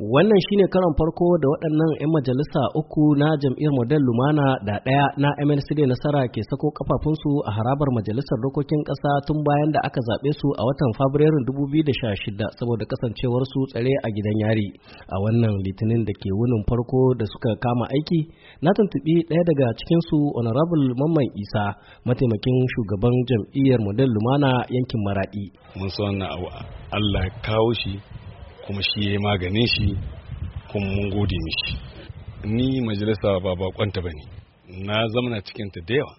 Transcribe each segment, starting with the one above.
Wannan shine karon farko da waɗannan 'yan majalisa uku na jam'iyyar Model Lumana da ɗaya na da Nasara ke sako kafafunsu a harabar Majalisar Dokokin Ƙasa tun bayan da aka zaɓe su a watan Fabrairun 2016 saboda kasancewar su tsare a gidan yari. A wannan litinin da ke wunin farko da suka kama aiki, na tuntuɓi ɗaya daga cikinsu Honorable Mamman Isa, mataimakin shugaban jam'iyyar Model Lumana yankin Maraɗi. Mun so Allah kawo shi kuma shi ya yi maganin shi kuma mun gode mishi ni majalisa ba bakonta ba ne na zamana cikinta da yawa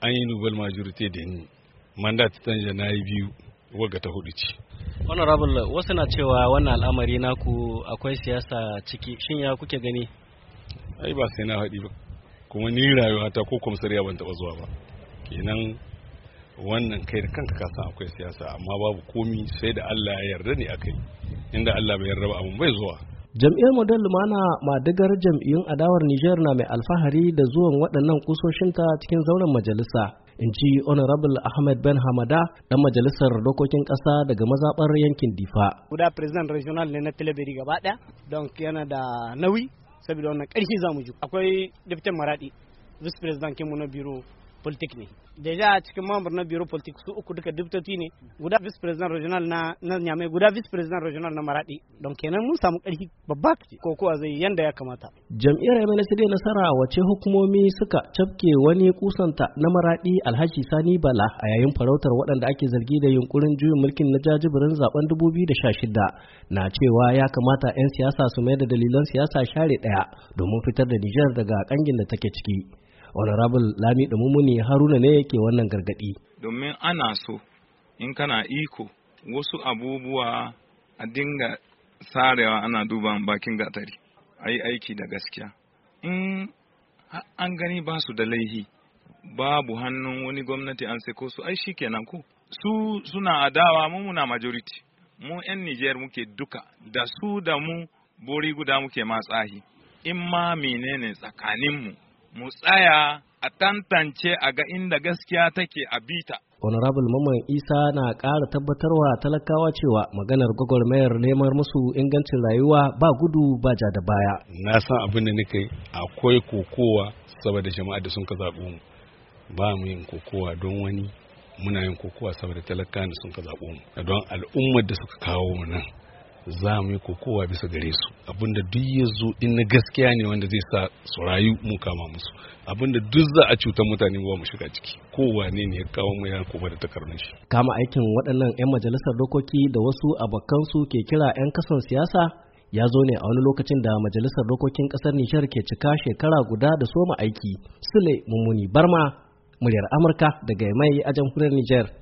an yi nubal majority da ni mandat tanja na yi biyu waga ta hudu ce honorable wasu na cewa wannan al'amari naku akwai siyasa ciki shin ya kuke gani ai ba sai na haɗi ba kuma ni rayuwa ta ko sarya ban taɓa zuwa ba kenan wannan kai da kanka ka san akwai siyasa amma babu komi sai da Allah ya yarda ne akai inda Allah bai yarda ba abun bai zuwa jam'iyyar model lumana madigar jam'iyyun adawar niger na mai alfahari da zuwan waɗannan kusoshinta cikin zauren majalisa in ji honorable ahmed ben hamada dan majalisar dokokin ƙasa daga mazaɓar yankin difa guda president regional ne na talabiri gaba ɗaya don yana da nauyi saboda wannan ƙarfi za mu ji akwai deputy maradi vice president mu na biro politik ne deja cikin mambar na biro politik su uku duka dubtati ne guda vice president regional na na nyame guda vice president regional na maradi don kenan mun samu karfi babba ko kowa zai yanda ya kamata jam'iyyar MNC dai nasara wace hukumomi suka cafke wani kusanta na maradi Alhaji Sani Bala a yayin farautar waɗanda ake zargi da yunkurin juyin mulkin na jajibirin zaben 2016 na cewa ya kamata 'yan siyasa su mai da dalilan siyasa share ɗaya domin fitar da Nijar daga kangin da take ciki honorable lami da mumuni haruna ne yake wannan gargadi domin ana so in kana iko wasu abubuwa a dinga sarewa ana duba bakin gatari a yi aiki da gaskiya in an gani ba su da laihi babu hannun wani gwamnati an sai ko su ai shikenan ko su suna adawa mu muna majority mu 'yan Nijar muke duka da su da mu bori guda muke matsahi in ma menene tsakaninmu mu tsaya a tantance a ga inda gaskiya take a bita. Honorable Maman Isa na ƙara tabbatarwa talakawa cewa maganar gwagwarmayar neman musu ingancin rayuwa ba gudu ba ja da baya. Na san abin da nake akwai kokowa saboda jama'a da sun ka zaɓo mu. Ba mu yin kokowa don wani muna yin kokowa saboda talakawa da sun ka zaɓo mu. Don al'ummar da suka kawo mu nan. za mu yi kokowa bisa gare su abinda duk ya zo in na gaskiya ne wanda zai sa su rayu mu kama musu abinda duk za a cutar mutane ba mu shiga ciki kowa ne ya kawo mu ya kuma da takardun shi kama aikin waɗannan 'yan majalisar dokoki da wasu su ke kira 'yan kasan siyasa ya zo ne a wani lokacin da majalisar dokokin ƙasar Nijar ke cika shekara guda da soma aiki sule mummuni barma muryar amurka daga mai a jamhuriyar nijar